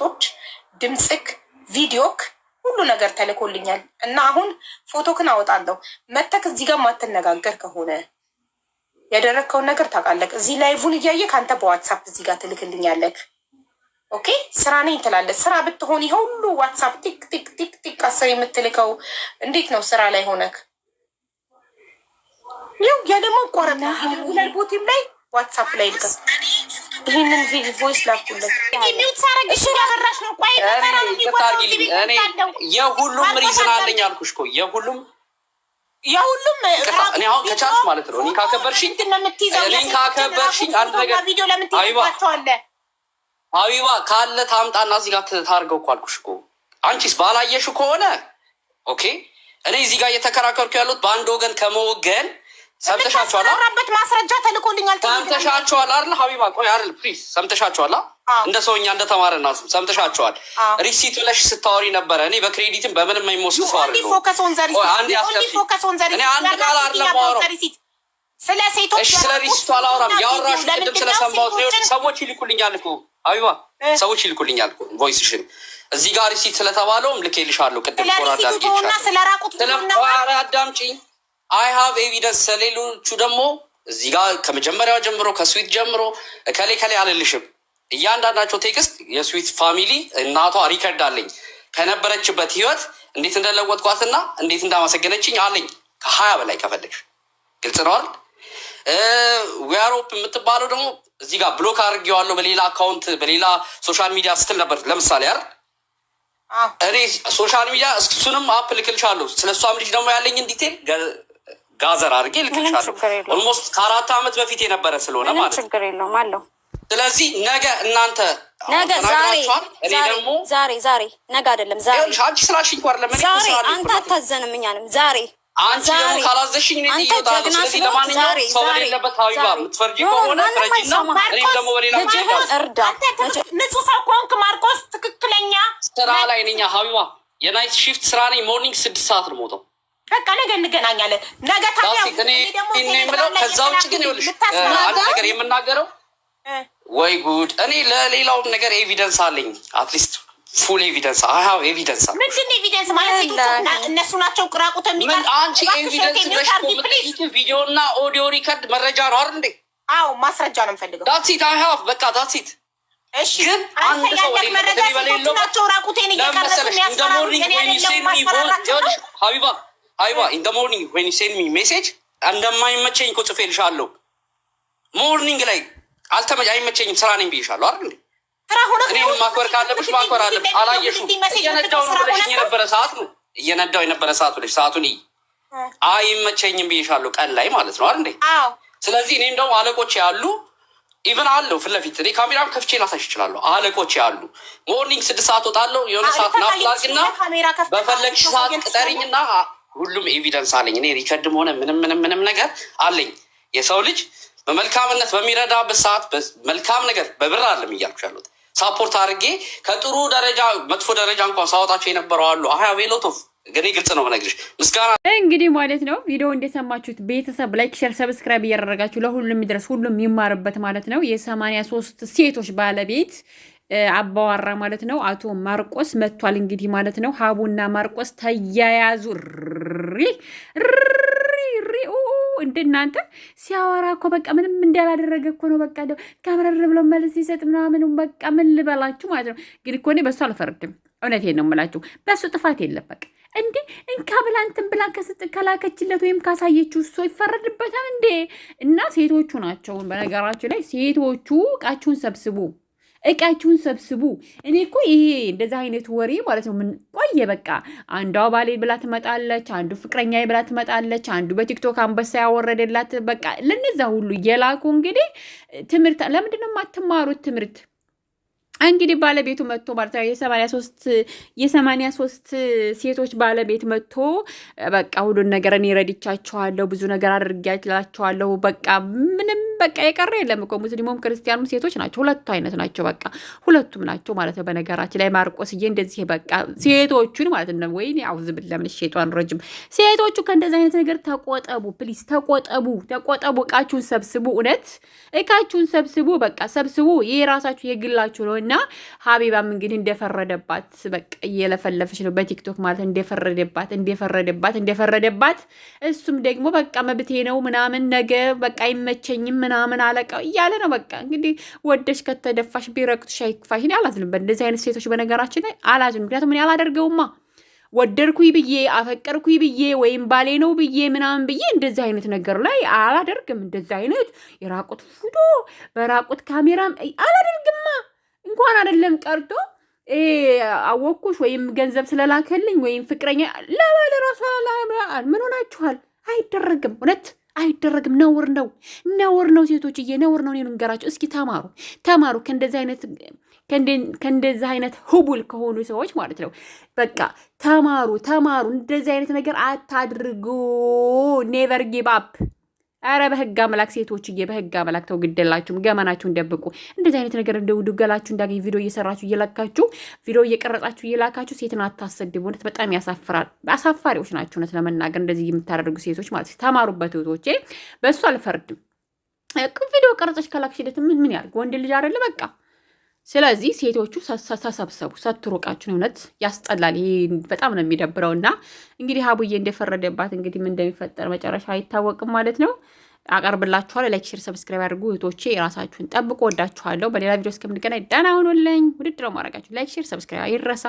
ፎቶዎች፣ ድምፅክ፣ ቪዲዮክ ሁሉ ነገር ተልኮልኛል እና አሁን ፎቶክን አወጣለሁ። መተክ እዚህ ጋር ማትነጋገር ከሆነ ያደረግከውን ነገር ታውቃለህ። እዚህ ላይቭን እያየ ከአንተ በዋትሳፕ እዚህ ጋር ትልክልኛለህ። ኦኬ ስራ ነኝ ትላለህ። ስራ ብትሆን ይሄ ሁሉ ዋትሳፕ ቲክ ቲክ ቲክ ቲክ አስር የምትልከው እንዴት ነው? ስራ ላይ ሆነክ ያው ያ ደግሞ ላይ ቦቴም ላይ ዋትሳፕ ላይ ልከ ይህንን ቮይስ ላኩለት። የሁሉም ሪዝን አለኝ አልኩሽ እኮ የሁሉም የሁሉም እኔ አሁን ማለት ነው እኔ ካከበርሽኝ እኔ ካከበርሽኝ አንድ ነገር ካለ ታምጣና እዚህ ጋር ታርገው እኮ አልኩሽ እኮ አንቺስ ባላየሽው ከሆነ ኦኬ እኔ እዚህ ጋር እየተከራከርኩ ያሉት በአንድ ወገን ከመወገን ሰምተሻቸዋል? ማስረጃ ተልኮልኛል። ሰምተሻቸዋል አይደል? ሀቢባ ቆይ አይደል? ፕሊዝ ሰምተሻቸዋል? እንደ ሰውኛ እንደ ተማረ ሰምተሻቸዋል? ሪሲት ብለሽ ስታወሪ ነበረ። እኔ በክሬዲትም በምንም የምወስድ ሰው አይደለሁም። እኔ አንድ ቃል ስለ ሴቶች። ሪሲቱ አላወራም። ያወራሽ ቅድም ስለሰማሁት ሰዎች ይልኩልኛል እኮ ሀቢባ፣ ሰዎች ይልኩልኛል እኮ ቮይስሽን እዚህ ጋር ሪሲት ስለተባለውም ልኬልሻለሁ። ቅድም ስለ ሪሲቱ ሆና ስለራቁት አዳምጪኝ አይ ሀቭ ኤቪደንስ። ሌሎቹ ደግሞ እዚህ ጋር ከመጀመሪያው ጀምሮ ከስዊት ጀምሮ ከሌ ከሌ አልልሽም። እያንዳንዳቸው ቴክስት የስዊት ፋሚሊ እናቷ ሪከርድ አለኝ ከነበረችበት ህይወት እንዴት እንደለወጥኳትና እንዴት እንዳመሰገነችኝ አለኝ። ከሀያ በላይ ከፈለግሽ ግልጽ ነዋል። ዊያሮፕ የምትባለው ደግሞ እዚህ ጋር ብሎክ አድርጌዋለሁ በሌላ አካውንት በሌላ ሶሻል ሚዲያ ስትል ነበር። ለምሳሌ አይደል እኔ ሶሻል ሚዲያ እሱንም አፕ ልክልሻለሁ። ስለ እሷም ልጅ ደግሞ ያለኝን ዲቴል ጋዘር አድርጌ ልክልሻለሁ። ኦልሞስት ከአራት ዓመት በፊት የነበረ ስለሆነ ማለት ነው። ችግር የለውም አለው። ስለዚህ ነገ እናንተ ነገ ዛሬ ዛሬ ዛሬ ነገ አይደለም ዛሬ አንቺ ስላልሽኝ ዛሬ አንተ አታዘንም እኛንም ዛሬ ማርቆስ ትክክለኛ ስራ ላይ ነኝ ሀቢባ፣ የናይት ሺፍት ስራ ነኝ። ሞርኒንግ ስድስት ሰዓት ነው የምወጣው በቃ ነገ እንገናኛለን። ነገ ከዛ ውጭ ግን አንድ ነገር የምናገረው ወይ ጉድ፣ እኔ ለሌላውም ነገር ኤቪደንስ አለኝ። አትሊስት ፉል ኤቪደንስ አይ ሀብ ኤቪደንስ ምንድን ኤቪደንስ ማለት? እነሱ ናቸው ቅራቁት የሚባል አንቺ ኤቪደንስ ቪዲዮ እና ኦዲዮ ሪከርድ መረጃ ነው አይደል እንዴ? አዎ ማስረጃ ነው የምፈልገው። ዳትሲት አይ ሀብ በቃ ዳትሲት ግን አንድ ሰው ሌለው ለመሰለሽ እንደሞርኒንግ ወይም ሴኒ ቦ ሀቢባ አይዋ ኢን ደ ሞርኒንግ ዌን ዩ ሴንድ ሚ ሜሴጅ እንደማይመቸኝ እኮ ጽፌልሻለሁ። ሞርኒንግ ላይ አልተመ አይመቸኝም ስራ ነኝ ብዬሻለሁ አይደል እንዴ? እኔን ማክበር ካለብሽ ማክበር አለብሽ። አላየሹ እየነዳው ነው ብለሽኝ የነበረ ሰዓት ነው እየነዳው የነበረ ሰዓት ብለሽ ሰዓቱን ይ አይመቸኝም ብዬሻለሁ፣ ቀን ላይ ማለት ነው አይደል እንዴ? ስለዚህ እኔም ደግሞ አለቆች ያሉ ኢቨን አለው ፊት ለፊት እኔ ካሜራም ከፍቼ ላሳሽ እችላለሁ። አለቆች ያሉ ሞርኒንግ ስድስት ሰዓት ወጣለሁ የሆነ ሰዓት ናፕላርግና በፈለግሽ ሰዓት ቅጠሪኝና ሁሉም ኤቪደንስ አለኝ። እኔ ሪከርድም ሆነ ምንም ምንም ምንም ነገር አለኝ። የሰው ልጅ በመልካምነት በሚረዳበት ሰዓት መልካም ነገር በብር አለም እያልኩ ያሉት ሳፖርት አድርጌ ከጥሩ ደረጃ መጥፎ ደረጃ እንኳን ሳወጣቸው የነበረው አሉ አያ ቬሎቶፍ ግን ግልጽ ነው ነግሽ ምስጋና እንግዲህ ማለት ነው። ቪዲዮ እንደሰማችሁት ቤተሰብ ላይክ፣ ሸር፣ ሰብስክራይብ እያደረጋችሁ ለሁሉም ይድረስ ሁሉም ይማርበት ማለት ነው። የሰማንያ ሶስት ሴቶች ባለቤት አባዋራ ማለት ነው አቶ ማርቆስ መጥቷል። እንግዲህ ማለት ነው ሀቡና ማርቆስ ተያያዙ። እንደናንተ ሲያወራ እኮ በቃ ምንም እንዳላደረገ እኮ ነው። በቃ ከምረር ብሎ መልስ ሲሰጥ ምናምን በቃ ምን ልበላችሁ ማለት ነው። ግን እኮ እኔ በሱ አልፈርድም። እውነቴን ነው የምላችሁ፣ በሱ ጥፋት የለም። በቃ እንዴ እንካ ብላ እንትን ብላ ከላከችለት ወይም ካሳየችው እሱ ይፈረድበታል እንዴ? እና ሴቶቹ ናቸው በነገራችሁ ላይ ሴቶቹ እቃችሁን ሰብስቡ እቃችሁን ሰብስቡ። እኔ እኮ ይሄ እንደዚህ አይነት ወሬ ማለት ነው ምን ቆየ። በቃ አንዷ ባሌ ብላ ትመጣለች፣ አንዱ ፍቅረኛ ብላ ትመጣለች፣ አንዱ በቲክቶክ አንበሳ ያወረደላት በቃ ለነዛ ሁሉ የላኩ እንግዲህ ትምህርት ለምንድነው የማትማሩት ትምህርት እንግዲህ ባለቤቱ መጥቶ ማለት ነው የሰማንያ ሶስት ሶስት ሴቶች ባለቤት መጥቶ በቃ ሁሉን ነገር እኔ ረድቻቸዋለሁ፣ ብዙ ነገር አድርጌላቸዋለሁ። በቃ ምንም በቃ የቀረ የለም እኮ ሙስሊሙም ክርስቲያኑም ሴቶች ናቸው። ሁለቱ አይነት ናቸው። በቃ ሁለቱም ናቸው ማለት ነው። በነገራችን ላይ ማርቆስዬ እንደዚህ በቃ ሴቶቹን ማለት ነው ወይ አውዝ ለምን ሸጧን ረጅም ሴቶቹ ከእንደዚህ አይነት ነገር ተቆጠቡ፣ ፕሊስ ተቆጠቡ፣ ተቆጠቡ። እቃችሁን ሰብስቡ፣ እውነት እቃችሁን ሰብስቡ። በቃ ሰብስቡ። ይህ የራሳችሁ የግላችሁ ነው። እና ሀቢባም እንግዲህ እንደፈረደባት በቃ እየለፈለፈች ነው በቲክቶክ ማለት እንደፈረደባት እንደፈረደባት እንደፈረደባት እሱም ደግሞ በቃ መብቴ ነው ምናምን ነገ በቃ አይመቸኝም ምናምን አለቃው እያለ ነው በቃ እንግዲህ ወደሽ ከተደፋሽ ቢረግጡሽ አይክፋሽ። እኔ አላዝንም በእንደዚህ አይነት ሴቶች በነገራችን ላይ አላዝንም። ምክንያቱም እኔ አላደርገውማ ወደድኩኝ ብዬ አፈቀርኩኝ ብዬ ወይም ባሌ ነው ብዬ ምናምን ብዬ እንደዚህ አይነት ነገር ላይ አላደርግም። እንደዚህ አይነት የራቁት ፎቶ በራቁት ካሜራም አላደርግማ። እንኳን አይደለም ቀርቶ አወኩሽ ወይም ገንዘብ ስለላከልኝ ወይም ፍቅረኛ ለባለ ራሱ ምን ሆናችኋል? አይደረግም። እውነት አይደረግም። ነውር ነው፣ ነውር ነው። ሴቶችዬ ነውር ነው። እኔ ንገራቸው እስኪ ተማሩ፣ ተማሩ ከእንደዚህ አይነት ከእንደዚህ አይነት ህቡል ከሆኑ ሰዎች ማለት ነው። በቃ ተማሩ፣ ተማሩ። እንደዚህ አይነት ነገር አታድርጉ። ኔቨር ጊቭ አፕ አረ በህግ አምላክ ሴቶችዬ፣ በህግ አምላክ ተው፣ ግደላችሁም፣ ገመናችሁን ደብቁ። እንደዚህ አይነት ነገር እንደው ድገላችሁ እንዳገኝ ቪዲዮ እየሰራችሁ እየላካችሁ ቪዲዮ እየቀረጻችሁ እየላካችሁ ሴትን አታሰድቡ። እውነት በጣም ያሳፍራል። አሳፋሪዎች ናቸው። እውነት ለመናገር እንደዚህ የምታደርጉ ሴቶች ማለት ተማሩበት እህቶቼ። በእሱ አልፈርድም። ቪዲዮ ቀረጸሽ ከላክሽ ሂደት ምን ምን ያርግ? ወንድ ልጅ አይደለ በቃ ስለዚህ ሴቶቹ ተሰብሰቡ፣ ሰትሩቃችሁን። እውነት ያስጠላል። ይሄ በጣም ነው የሚደብረው። እና እንግዲህ ሀቡዬ እንደፈረደባት እንግዲህ ምን እንደሚፈጠር መጨረሻ አይታወቅም ማለት ነው። አቀርብላችኋል። ላይክ፣ ሼር፣ ሰብስክራይብ አድርጉ እህቶቼ። የራሳችሁን ጠብቆ ወዳችኋለሁ። በሌላ ቪዲዮ እስከምንገናኝ ደህና ሁኑልኝ። ውድድረው ማድረጋችሁ ላይክ፣ ሼር፣ ሰብስክራይብ አይረሳ።